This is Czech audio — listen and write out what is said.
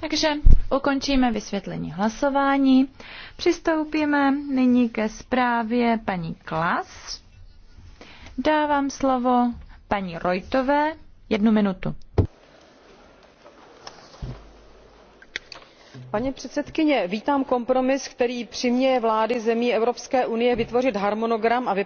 Takže ukončíme vysvětlení hlasování. Přistoupíme nyní ke zprávě paní Klas. Dávám slovo paní Rojtové. Jednu minutu. paní předsedkyně vítám kompromis který přiměje vlády zemí evropské unie vytvořit harmonogram a